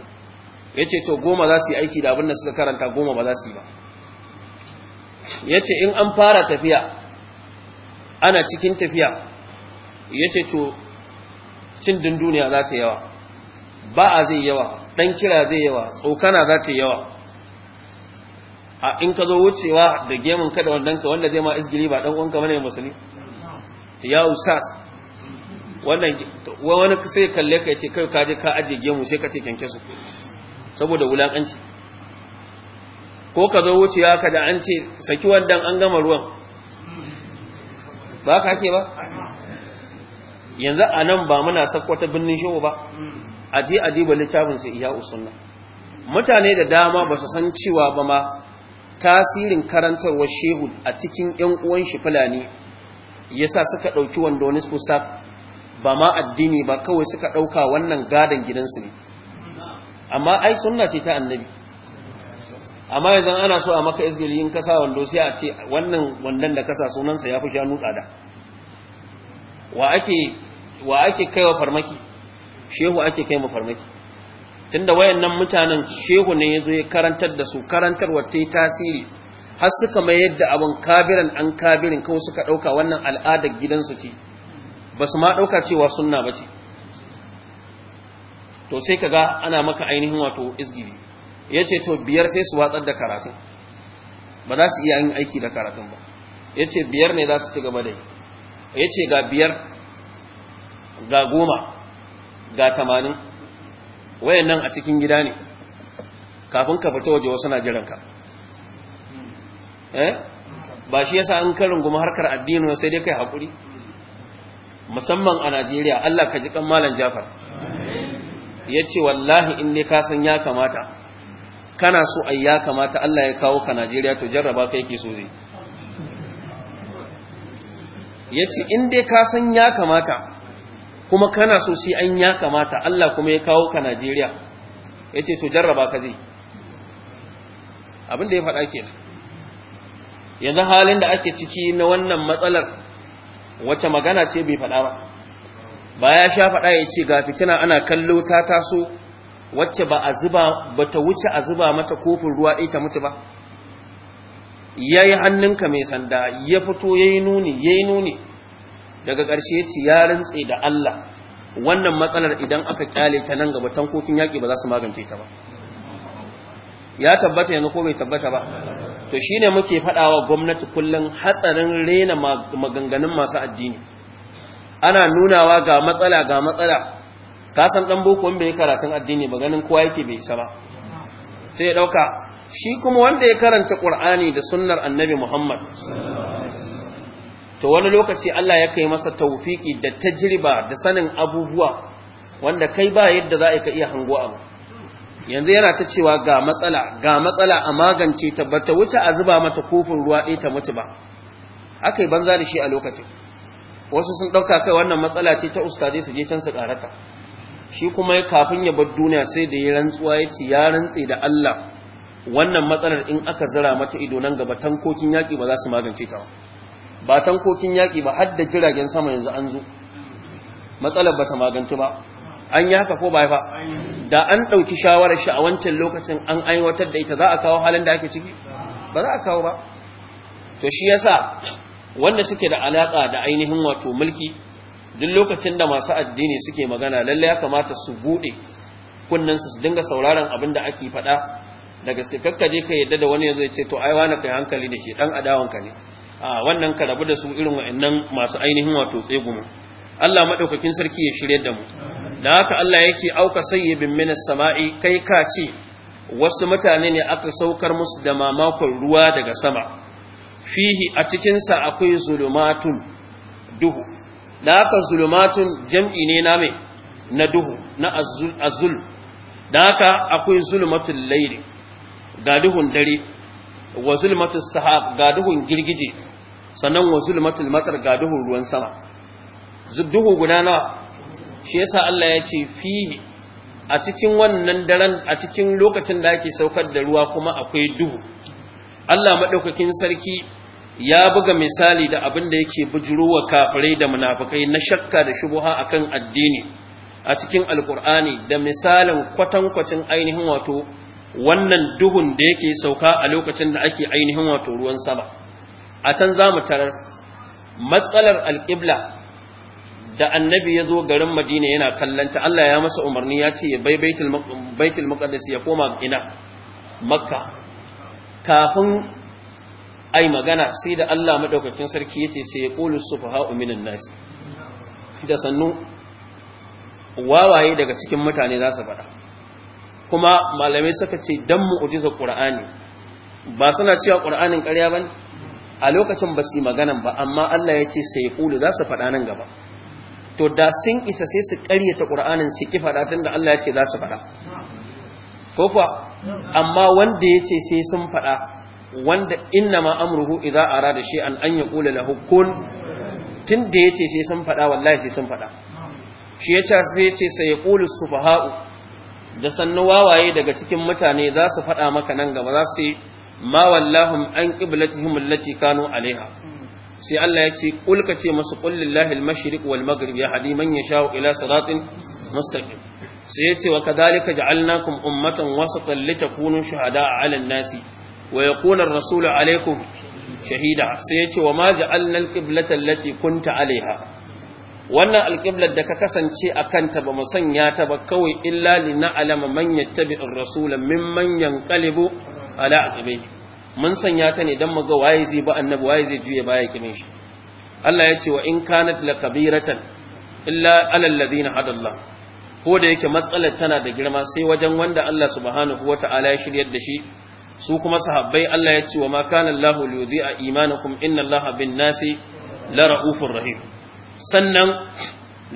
ce to goma za su yi aiki da abin da suka karanta goma ba za su yi ba yace in an fara tafiya ana cikin tafiya yace to cin dunduniya za ta yawa ba a zai yawa ɗan kira zai yawa tsokana za ta yawa a in ka zo wucewa da gemun kada wannan ka wanda zai ma isgili ba ɗan dan mana bane musulmi ta yawo wannan wani sai kalle ka ce kai ka je ka ajiye gemu sai ka ce kyanke su saboda wulaƙanci ko ka zo wucewa ka da an ce saki wannan an gama ruwan ba ka ke ba yanzu a nan ba muna ta birnin shehu ba a je a diba littafin sai iya usunna mutane da dama ba su san cewa ba ma tasirin karantarwar shehu a cikin yan uwan shi fulani yasa suka ɗauki wanda wani fusa ba ma addini ba kawai suka ɗauka wannan gadon gidansu ne amma ai sunna ce ta annabi amma yanzu ana so a maka izgili in kasa wando sai a ce wannan wandan da kasa sunansa ya fi shanu tsada wa ake wa ake kaiwa farmaki shehu ake kai mu farmaki tunda wayannan mutanen shehu ne yazo ya karantar da su karantarwa ta tasiri har suka mai yadda abin kabiran an kabirin kawai suka ɗauka wannan al'adar gidansu ce basu ma ɗauka cewa sunna ce, to sai ka ga ana maka ainihin wato izgili ya ce to biyar sai su watsar da karatun ba za su iya yin aiki da karatun ba ya ce biyar ne za su ci gaba da yi ya ce ga biyar ga goma ga tamanin wayan nan a cikin gida ne kafin ka fita waje wasu na jiranka eh? ba shi yasa an karin goma harkar addini sai dai kai hakuri musamman a Najeriya Allah ka ji kan malam Jafar yace wallahi in ne ka san ya kamata kana so ai ya kamata Allah ya kawo ka Najeriya to jarraba ka yake so zai yace in dai ka san ya kamata kuma kana so sai an ya kamata Allah kuma ya kawo ka Najeriya yace to jarraba ka zai abin da ya faɗa ke yanzu halin da ake ciki na wannan matsalar wacce magana ce bai faɗa ba ba ya sha faɗa ya ce ga fitina ana kallo ta taso wacce ba a zuba ba ta wuce a zuba mata kofin ruwa ɗai ta mutu ba ya yi hannunka mai sanda ya fito ya yi nuni ya yi nuni daga ƙarshe ya ya rantse da Allah wannan matsalar idan aka kyale ta nan gaba tankokin yaƙi ba za su magance ta ba ya tabbata yanzu ko bai tabbata ba to shine muke faɗawa gwamnati kullum hatsarin rena maganganun masu addini ana nunawa ga matsala ga matsala ka san dan boko wanda ya karatun addini ba ganin kowa yake bai isa ba sai ya dauka shi kuma wanda ya karanta qur'ani da sunnar annabi muhammad to wani lokaci Allah ya kai masa tawfiki da tajriba da sanin abubuwa wanda kai ba yadda za ka iya hango abu yanzu yana ta cewa ga matsala ga matsala a magance ta bata wuce a zuba mata kofin ruwa ɗaya ta mutu ba aka yi banza da shi a lokacin wasu sun ɗauka kai wannan matsala ce ta ustaze su je can su ƙarata shi kuma ya kafin ya bar duniya sai da ya rantsuwa ya ce ya rantse da Allah wannan matsalar in aka zira mata ido nan gaba tankokin yaƙi ba za su magance ta ba tankokin yaƙi ba har da jiragen sama yanzu an zo matsalar ba ta magance ba an yi haka ko ba ba da an ɗauki shawarar shi a wancan lokacin an aiwatar da ita za a kawo halin da ake ciki ba za a kawo ba to shi yasa wanda suke da alaƙa da ainihin wato mulki duk lokacin da masu addini suke magana lallai ya kamata su bude kunnan su dinga sauraron abin da ake faɗa daga sai je ka yadda da wani ya ya ce to ai wani kai hankali da shi dan adawan ka ne a wannan ka rabu da su irin wa'annan masu ainihin wato tsegumu Allah madaukakin sarki ya shirye da mu da haka Allah yake auka sayyibin min samai kai ka ce wasu mutane ne aka saukar musu da mamakon ruwa daga sama fihi a cikinsa akwai zulumatun duhu da haka zulumatun jam'i ne na mai na duhu na azul da haka akwai zulumatun lairi ga duhun dare wa zulumatun sahab ga duhun girgije sannan wa zulumatun matar ga duhun ruwan sama duhu guda nawa shi yasa Allah ya ce fi a cikin wannan daren a cikin lokacin da ake saukar da ruwa kuma akwai duhu Allah maɗaukakin sarki ya buga misali da abin da yake bujuruwa kafirai da munafikai na shakka da shubuha akan addini a cikin alkur'ani da misalin kwatankwacin ainihin wato wannan duhun da yake sauka a lokacin da ake ainihin wato ruwan sama a can za mu tarar matsalar alƙibla da annabi ya zo garin madina yana kallanta Allah ya masa umarni ya ce ya bai baitul ya koma ina makka kafin ai magana sai da Allah madaukakin sarki yace sai ya qulu sufaha'u minan nas da sannu wawaye daga cikin mutane za su faɗa kuma malamai suka ce dan mu'jizar qur'ani ba suna cewa qur'anin ƙarya bane a lokacin ba su yi maganan ba amma Allah ya sai ya qulu za su faɗa nan gaba to da sun isa sai su ƙaryata ƙur'anin su ki faɗa tunda Allah ya za su faɗa ko kuwa amma wanda ya ce sai sun faɗa wanda inna ma amruhu idza arada shay'an an yaqula lahu kun tun da yace sai sun fada wallahi sai sun fada shi yace sai yace sai yaqulu sufaha'u da sannu wawaye daga cikin mutane za su fada maka nan gaba za su yi. ma wallahum an qiblatihim allati kanu alaiha sai Allah ya ce kul ka ce musu qul lillahi al-mashriq wal maghrib yahdi man yasha'u ila siratin mustaqim sai ya ce wa kadhalika ja'alnakum ummatan wasatan litakunu shuhada'a 'ala an-nasi wa yaqulu ar-rasulu alaikum shahida sai ya ce wa ma ja'alna al-qiblata allati kunta alaiha wannan al da ka kasance a kanta ba mu sanya ta ba kawai illa li na'lama man yattabi'u ar-rasula mimman yanqalibu ala aqibi mun sanya ta ne dan mu ga waye zai ba annabi waye zai juye baya kimin shi Allah ya ce wa in kanat lakabiratan illa alal ladina hadallahu ko da yake matsalar tana da girma sai wajen wanda Allah subhanahu wata'ala ya shiryar da shi su kuma sahabbai Allah ya ce wa ma kana Allahu liyudhi'a imanakum inna Allaha bin nasi la ra'ufur rahim sannan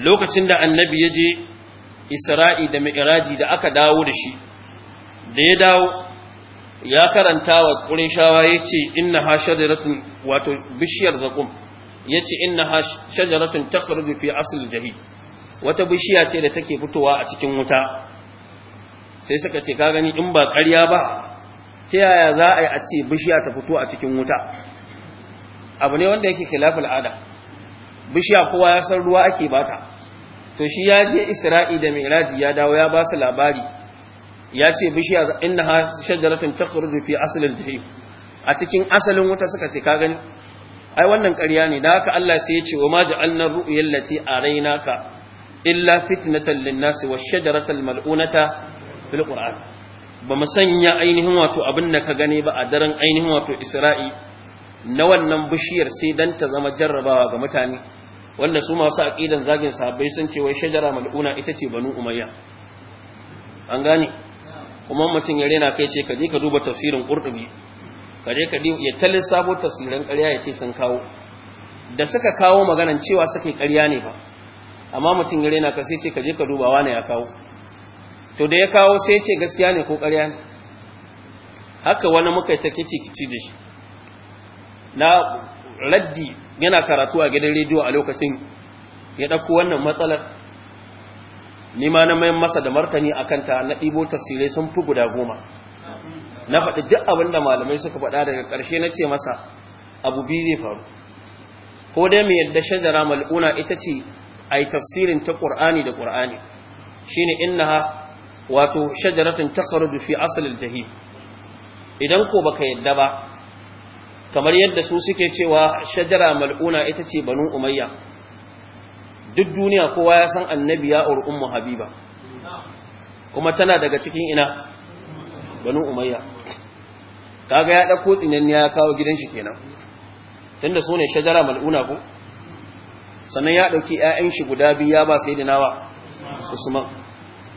lokacin da annabi ya je Isra'i da Mi'raji da aka dawo da shi da ya dawo ya karanta wa Qurayshawa yace inna hashadaratun wato bishiyar zakum yace inna shajaratun takhruju fi asl jahid wata bishiya ce da take fitowa a cikin wuta sai suka ce ka gani in ba ƙarya ba ta yaya za a yi a ce bishiya ta fito a cikin wuta abu ne wanda yake khilafin al'ada. bishiya kowa ya san ruwa ake bata to shi ya je isra'i da mi'raji ya dawo ya ba su labari ya ce bishiya ha shajaratun takhruju fi aslil jahim a cikin asalin wuta suka ce ka gani ai wannan ƙarya ne da haka Allah sai ya ce wa ma ja'alna ru'yal lati araynaka illa fitnatan lin-nasi wash-shajaratal mal'unata fil qur'an ba mu sanya ainihin wato abin da ka gani ba a daren ainihin wato isra'i na wannan bishiyar sai dan ta zama jarrabawa ga mutane wanda su masu aqidan zagin sahabbai sun ce wai shajara mal'una ita ce banu umayya an gane kuma mutum ya rena kai ce ka je ka duba tafsirin qurtubi ka je ka ya talissabo tafsirin ƙarya ya ce sun kawo da suka kawo maganan cewa suke ƙarya ne ba amma mutum ya rena ka sai ce ka je ka duba wani ya kawo to da ya kawo sai ce gaskiya ne ko ƙarya ne haka wani muka ta kici-kici da shi na raddi yana karatu a gidan rediyo a lokacin ya ɗauko wannan matsalar ni ma na mayan masa da martani a kanta na ɗibo tafsirai sun fi guda goma na faɗi duk abin da malamai suka faɗa daga ƙarshe na ce masa abu biyu zai faru ko dai mai yadda shajara mal'una ita ce a yi tafsirin ta ƙur'ani da ƙur'ani shine innaha wato shajaratin takharuju fi aslil jahim idan ko baka yadda ba kamar yadda su suke cewa shajara mal'una ita ce banu umayya duk duniya kowa ya san annabi ya ur ummu habiba kuma tana daga cikin ina banu umayya kaga ya dauko tsinan ya kawo gidan shi kenan tunda sune shajara mal'una ko sannan ya dauki ƴaƴan shi guda biyu ya ba sayyidina wa usman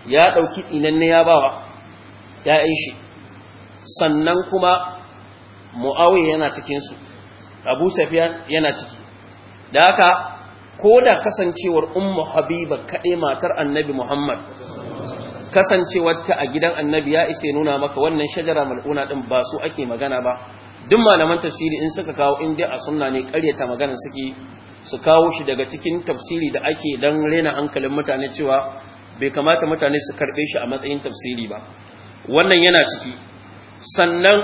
ya ɗauki tsinanne ya bawa ‘ya'yan shi sannan kuma mu'awi yana cikinsu abu safiyan yana ciki da haka ko da kasancewar Umma habiba kaɗai matar annabi muhammad kasancewarta a gidan annabi ya isa nuna maka wannan shajara mal'una ɗin ba su ake magana ba duk malaman tafsiri in suka kawo indiya a sunna ne ƙaryata maganar suke su kawo shi daga cikin tafsiri da ake dan rena hankalin mutane cewa bai kamata mutane su karɓe shi a matsayin tafsiri ba wannan yana ciki sannan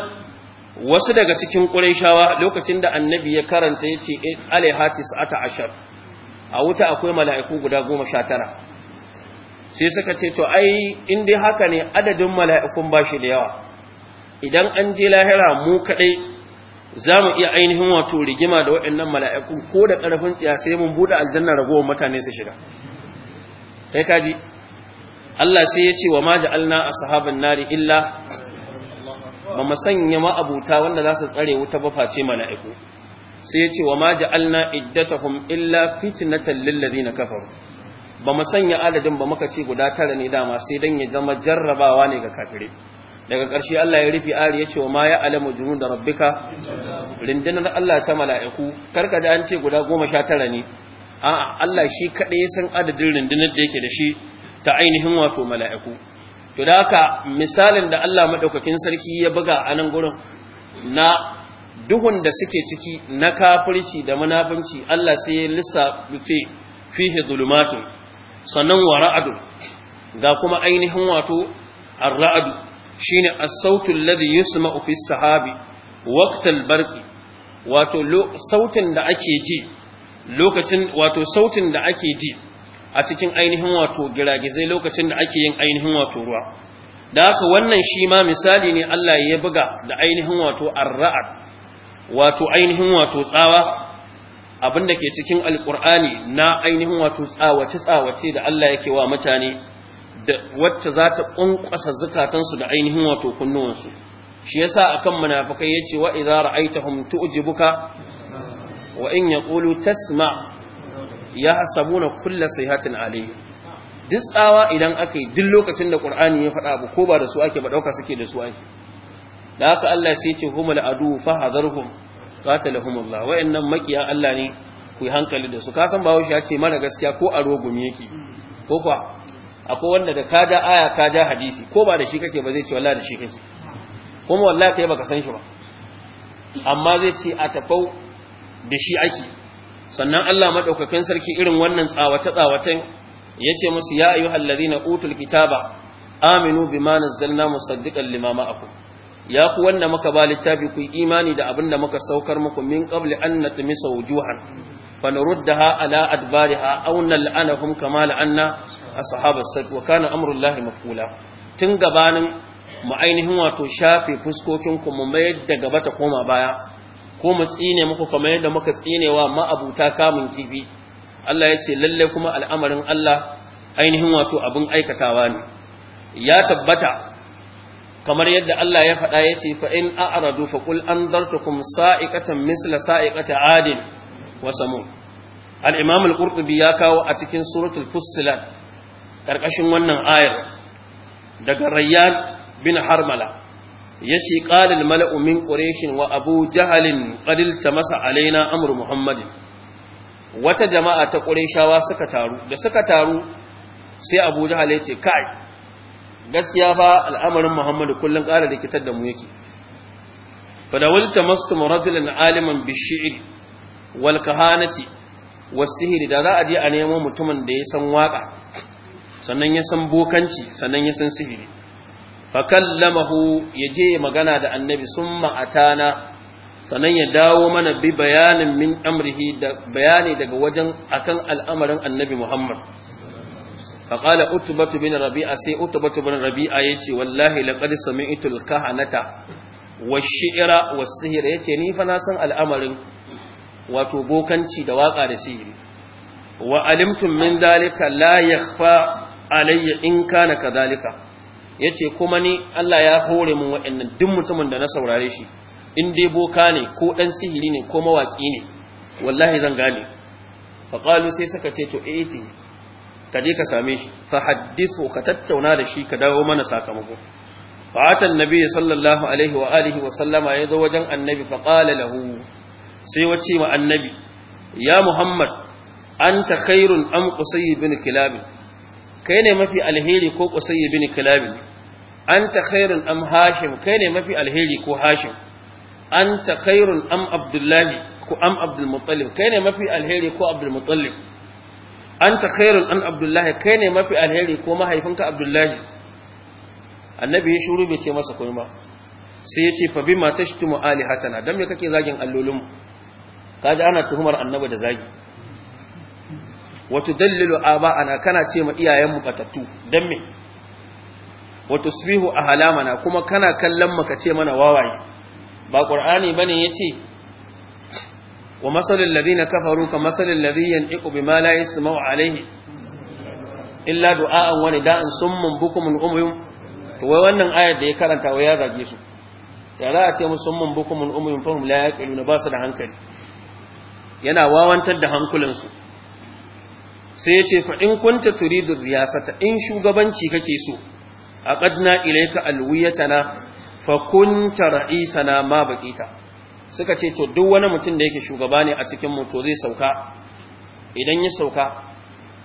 wasu daga cikin ƙurayshawa lokacin da annabi ya karanta ya ce eh, alihatis ata ashar a wuta akwai mala'iku guda goma sha tara sai suka ce to ai in dai haka ne adadin mala'ikun ba shi da yawa idan an je lahira mu kaɗai za mu iya ainihin wato rigima da waɗannan mala'iku ko da ƙarfin tsiya sai mun buɗe aljanna ragowar mutane su shiga kai Allah sai ya ce wa ma ja'alna ashaban nari illa ba mu sanya abuta wanda za su tsare wuta ba face mala'iku sai ya ce wa ma ja'alna iddatahum illa fitnatan lil ladina kafaru ba mu sanya adadin ba muka ce guda tara ne dama sai dan ya zama jarrabawa ne ga kafire daga ƙarshe Allah ya rufe ari ya ce wa ma ya'lamu alamu da rabbika rindinar Allah ta mala'iku karka da an ce guda goma sha tara ne a'a Allah shi kadai ya san adadin rindinar da yake da shi ta ainihin wato mala'iku to da haka misalin da Allah maɗaukakin sarki ya buga a nan gurin na duhun da suke ciki na kafirci da munafinci Allah sai ya lissafi fihe zulumatun sannan wa ra'adu ga kuma ainihin wato a raadu shi shine a sautin Ladi yusma'u ma’ufis sahabi waqtal barki wato sautin da ake ji lokacin wato sautin da ake ji a cikin ainihin wato giragizai lokacin da ake yin ainihin wato ruwa da haka wannan shi ma misali ne Allah ya buga da ainihin wato arra'ar, wato ainihin wato tsawa abinda ke cikin alkur'ani na ainihin wato tsawace tsawace da Allah yake wa mutane da wacce za ta kunkusa zukatansu da ainihin wato kunnuwansu shi yasa akan munafikai yace wa idza ra'aitahum tu'jibuka wa in yaqulu tasma' ya hasabu na kulla sayhatin alayhi duk tsawa idan aka yi duk lokacin da qur'ani ya faɗa abu ko ba da su ake ba dauka suke da su ake da haka Allah sai ce humul adu fa hadarhum qatalahumullah wayannan makiya Allah ne ku yi hankali da su kasan bawo shi ya ce mara gaskiya ko a rogumi yake ko kwa akwai wanda da kaja aya kaja hadisi ko ba da shi kake ba zai ce wallahi da shi kake kuma wallahi kai baka san shi ba amma zai ce a tafau da shi ake sannan Allah maɗaukakin sarki irin wannan tsawace tsawacen yace musu ya ayyuhal na utul kitaba aminu bima nazzalna musaddiqan lima ma'akum ya ku wanda muka ba littafi ku imani da abin da muka saukar muku min qabli an natmisa wujuhan fa nuruddaha ala adbariha aw nal'anahum kama la'anna ashabas sabt wa kana amru llahi mafula tun gabanin mu ainihin wato shafe fuskokin ku mu mayar da gaba ta koma baya ko mu tsine muku kamar yadda muka tsinewa ma'abuta kamun kifi Allah ya ce lalle kuma al'amarin Allah ainihin wato abin aikatawa ne ya tabbata kamar yadda Allah ya faɗa ya ce fa in a'radu fa qul anzartukum sa'iqatan misla sa'iqati 'adin wa samud al-imam al-qurtubi ya kawo a cikin suratul fussilat karkashin wannan ayar daga rayyan bin harmala yace qala al mala'u min quraish wa abu jahl qadil masa alaina amru muhammadin wata jama'a ta qurayshawa suka taru da suka taru sai abu jahl yace kai gaskiya fa al'amarin muhammadu kullum ƙara rikitar da mu yake fa da wal tamastu rajulan aliman bi shi'r wal kahanati was sihiri da za a je a nemo mutumin da ya san waka sannan ya san bokanci sannan ya san sihiri fakallamahu ya je magana da annabi summa atana sanan ya dawo mana bi bayanin min amrihi da bayani daga wajen akan al'amarin annabi Muhammad faqala utbatu bin rabi'a sai utbatu bin rabi'a yace wallahi laqad sami'tu al-kahanata wa shira wa sihira, yace ni fa na san al'amarin wato bokanci da waka da sihiri wa alimtum min dalika la yakhfa alayya in kana kadhalika yace kuma ni Allah ya hore min wa'annan duk mutumin da na saurare shi in dai boka ne ko dan sihiri ne ko mawaki ne wallahi zan gane fa qalu sai saka ce to eti eh, ka je ka same shi fa haddisu ka tattauna da shi ka dawo mana sakamako fa atan nabi sallallahu alaihi wa alihi wa sallama ya zo wajen annabi fa qala lahu sai wace ma annabi ya muhammad anta khairun am qusay bin kilab kai ne mafi alheri ko qusay bin kilab anta khairun am hashim kai ne mafi alheri ko hashim anta khairun am abdullahi ko am abdul muttalib kai ne mafi alheri ko abdul muttalib anta khairun an abdullahi kai ne mafi alheri ko mahaifinka abdullahi annabi ya shuru bai ce masa komai ba sai ya ce fa bima tashtumu alihatana dan me kake zagin allolin kaji ana tuhumar annabi da zagi wa tudallilu aba'ana kana ce ma iyayen mu batattu dan me wa a halamana kuma kana kallon maka ce mana wawaye ba ba ne ya ce wa lazi na kafaru ka yan ladhi yanqu bima la yasma'u alayhi illa du'a'an sun mun buku mun umyum to wai wannan ayar da ya karanta wa ya zage su ya za a ce mun mun bukumin umurin fahim la yaƙilu na ba su da hankali yana wawantar da hankulansu sai ya ce faɗin kunta turidu riyasata in shugabanci kake so aqadna ilayka alwiyatana fa kunta ra'isana ma baqita suka ce to duk wani mutum da yake shugaba ne a cikin mu to zai sauka idan ya sauka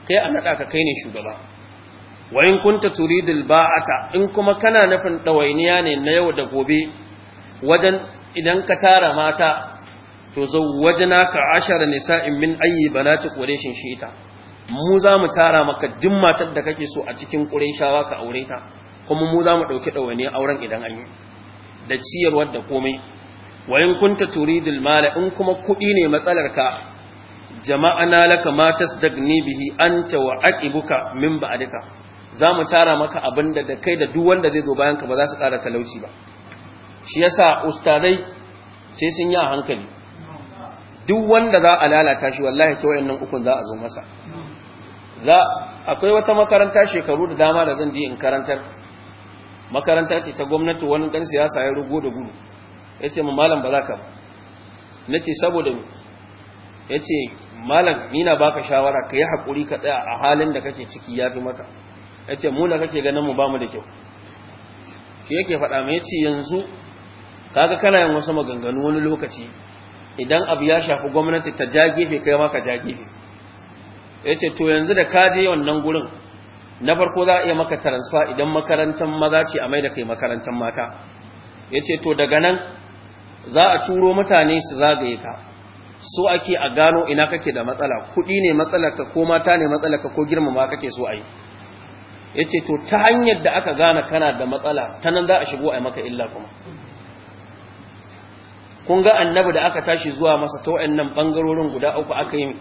kai a nada ka kai ne shugaba wa in kunta turidul ba'ata in kuma kana nufin dawainiya ne na yau da gobe wajen idan ka tara mata to zawwajnaka ashara nisa'in min ayyi banati qurayshin shita mu za mu tara maka duk matar da kake so a cikin ƙureshawa ka aure ta kuma mu za mu ɗauki ɗawainiyar auren idan an yi da ciyarwar da komai wayan kunta turidul mala in kuma kuɗi ne matsalar ka jama'a na laka matas dagni bihi anta wa aqibuka min ba'dika za mu tara maka abinda da kai da duk wanda zai zo bayan ka ba za su ƙara talauci ba shi yasa ustadai sai sun yi a hankali duk wanda za a lalata shi wallahi ta wayannan ukun za a zo masa za akwai wata makaranta shekaru da dama da zan je in karantar makaranta ce ta gwamnati wani ɗan siyasa ya rugo da gudu ya ce malam ba za ka na ce saboda mu ya ce malam nina baka shawara ka yi haƙuri ka tsaya a halin da kake ciki ya fi maka ya ce muna kake ganin mu ba mu da kyau shi yake faɗa mai ce yanzu kaga kana yin wasu maganganu wani lokaci idan abu ya shafi gwamnati ta ja gefe kai ma ka ja ya ce to yanzu da ka je wannan gurin na farko za a iya maka taransfa idan makarantar maza ce a mai da kai makarantar mata ya ce to daga nan za a turo mutane su zagaye ka so ake a gano ina kake da matsala kuɗi ne matsalarka ko mata ne matsalarka ko girmama kake so a yi ya ce to ta hanyar da aka gane kana da matsala ta nan za a shigo a yi maka illa kuma kun ga annabi da aka tashi zuwa masa ta nan ɓangarorin guda uku aka yi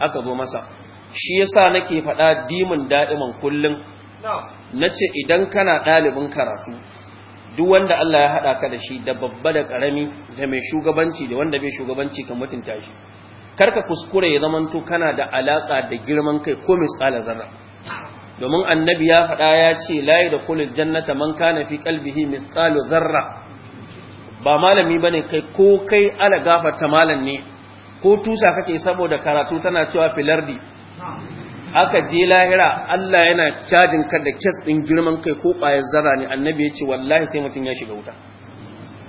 aka zo masa shi yasa nake faɗa dimin da'iman kullum na ce idan kana ɗalibin karatu duk wanda Allah ya haɗa ka da shi da babba da ƙarami da mai shugabanci da wanda bai shugabanci kan mutunta shi karka kuskure ya zamanto kana da alaƙa da girman kai ko tsala zarra domin annabi ya faɗa ya ce layi da kulil jannata man kana fi qalbihi misqalu zarra ba malami bane kai ko kai ala gafa ta malam ne ko tusa kake saboda karatu tana cewa filardi aka je lahira Allah yana cajin ka da kes ɗin girman kai ko ƙwayar zarra ne annabi ya ce wallahi sai mutum ya shiga wuta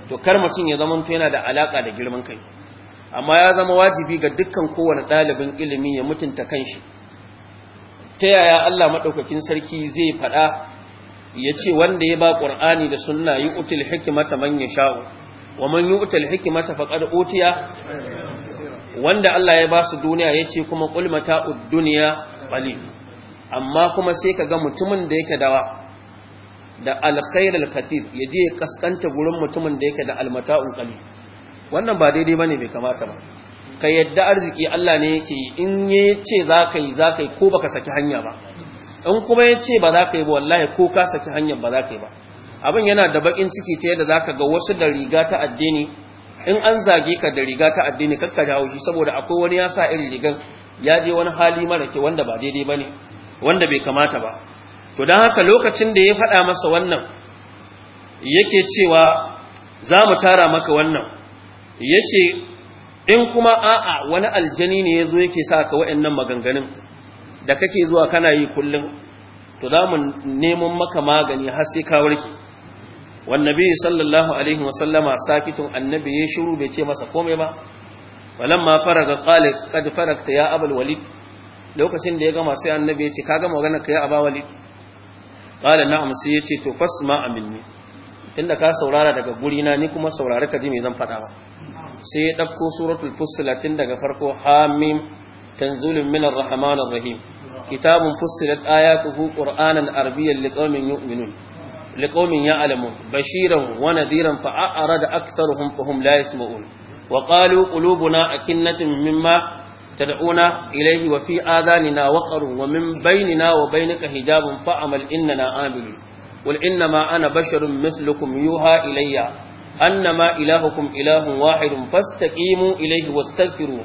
to kar mutum ya zama yana da alaka da girman kai amma ya zama wajibi ga dukkan kowane ɗalibin ilimi ya mutunta kanshi ta yaya Allah maɗaukakin sarki zai faɗa ya ce wanda ya ba ƙur'ani da sunna yi utul hikimata man ya sha'u wa man yi utul hikimata faƙar otiya wanda Allah ya ba su duniya ya ce kuma ƙulmata duniya ƙalil amma kuma sai ka ga mutumin da yake dawa da alkhairar katif ya je ya kaskanta gurin mutumin da yake da almata'un ƙali wannan ba daidai ba ne bai kamata ba ka yadda arziki Allah ne yake in ya ce za ka yi za ka yi ko baka saki hanya ba in kuma ya ce ba za ka yi ba wallahi ko ka saki hanyar ba za ka yi ba abin yana da bakin ciki ta yadda za ka ga wasu da riga ta addini in an zage ka da riga ta addini kakka jawo shi saboda akwai wani ya sa irin rigan ya je wani hali mara ke wanda ba daidai bane wanda bai kamata ba to dan haka lokacin da ya faɗa masa wannan yake cewa za mu tara maka wannan yace in kuma a'a wani aljani ne yazo yake sa ka wa'annan maganganun da kake zuwa kana yi kullum, to za mu neman maka magani har sai ka warke والنبي صلى الله عليه وسلم ساكت النبي يشرو بيتي مسا Ba با فلما فرغ قال قد فرغت يا ابا الوليد lokacin da ya gama sai annabi ya ce ka gama maganar ka ya aba walid qala na'am sai ya ce to fasma minni tunda ka saurara daga gurina ni kuma saurari ka ji me zan faɗa ba sai ya ɗauko suratul fussilat daga farko hamim tanzilun minar rahmanir rahim kitabun fussilat ayatuhu qur'anan arabiyyan liqaumin yu'minun liqaumin ya'lamun bashiran wa nadiran da a'rada aktharuhum fa hum la yasma'un wa qalu qulubuna akinnatun mimma tad'una ilayhi wa fi adanina waqrun wa min bainina wa bainika hijabun fa'amal innana amilun qul innama ana basharun mithlukum yuha ilayya annama ilahukum ilahun wahidun Fastaƙimu ilayhi wastaghfiru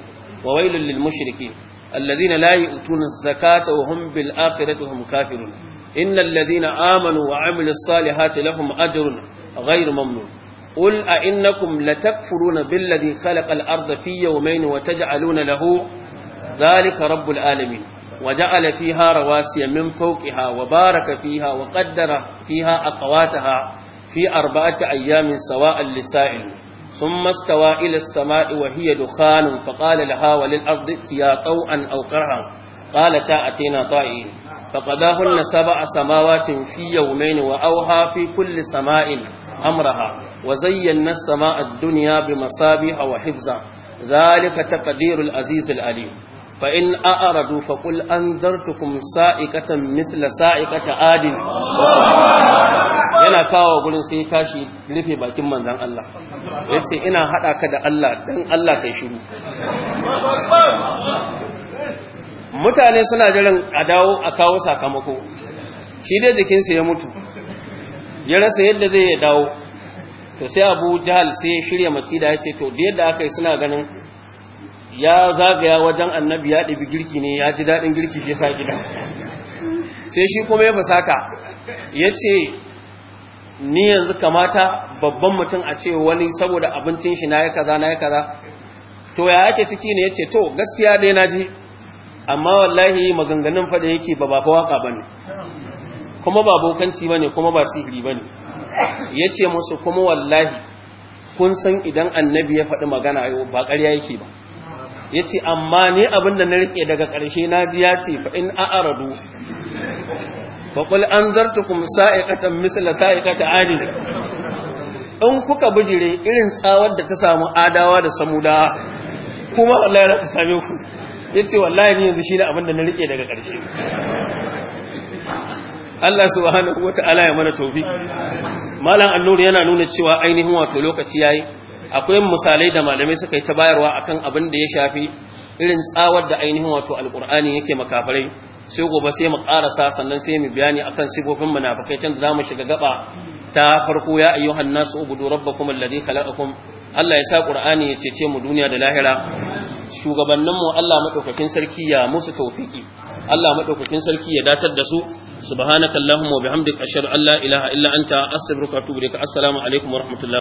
wa wailul lil mushrikeen alladhina la yu'tuna az-zakata wa hum bil akhirati kafirun إن الذين آمنوا وعملوا الصالحات لهم أجر غير ممنون قل أئنكم لتكفرون بالذي خلق الأرض في يومين وتجعلون له ذلك رب العالمين وجعل فيها رواسي من فوقها وبارك فيها وقدر فيها أقواتها في أربعة أيام سواء للسائل ثم استوى إلى السماء وهي دخان فقال لها وللأرض ائتيا طوعا أو كرها قالتا أتينا طائعين faƙadahun saba a samawatin fi yau mai wa auha kulli sama'in amraha wa zayyan na sama a duniya bi wahibza zalika ta ƙadirul azizul ali in a aradu fa kul an zartukum sa'ikatan misla sa'ikata adin yana kawo gurin sai tashi rufe bakin manzon Allah yace ina haɗa ka da Allah dan Allah kai shiru mutane suna jiran a dawo a kawo sakamako shi dai jikinsa ya mutu ya rasa yadda zai ya dawo to sai abu jahal sai ya shirya makida ya ce to da yadda aka yi suna ganin ya zagaya wajen annabi ya ɗabi girki ne ya ji daɗin girki shi sa gida sai shi kuma ya fasaka ya ce ni yanzu kamata babban mutum a ce wani saboda abincin shi na ya kaza na ya kaza to ya yake ciki ne ya ce to gaskiya dai na ji amma wallahi maganganun fada yake ba ba waka bane kuma ba bokanci bane kuma ba sihiri bane yace musu kuma wallahi kun san idan annabi ya faɗi magana ba karya yake ba yace amma ni abin da na rike daga ƙarshe na ji ya ce fa in a'radu fa qul anzartukum sa'iqatan misla sa'iqati 'ad in kuka bijire irin tsawar da ta samu adawa da samuda kuma wallahi ya ta same ku ce wallahi ni yanzu shine abin da na rike daga ƙarshe Allah subhanahu wata'ala ya mana tofi malam annuri yana nuna cewa ainihin wato lokaci yayi akwai misalai da malamai suka yi ta bayarwa akan abin da ya shafi irin tsawar da ainihin wato alqur'ani yake makafarai sai gobe sai mu karasa sannan sai mu bayani akan sifofin munafikai tun da zamu shiga gaba ta farko ya ayyuhan nasu ubudu rabbakum alladhi khalaqakum Allah ya sa Qur'ani ya cece mu duniya da lahira shugabanninmu Allah madaukakin sarki ya musu tawfiki Allah madaukakin sarki ya datar da su subhanakallahumma wa bihamdika ashhadu an la ilaha illa anta astaghfiruka wa atubu ilaik assalamu alaikum wa rahmatullahi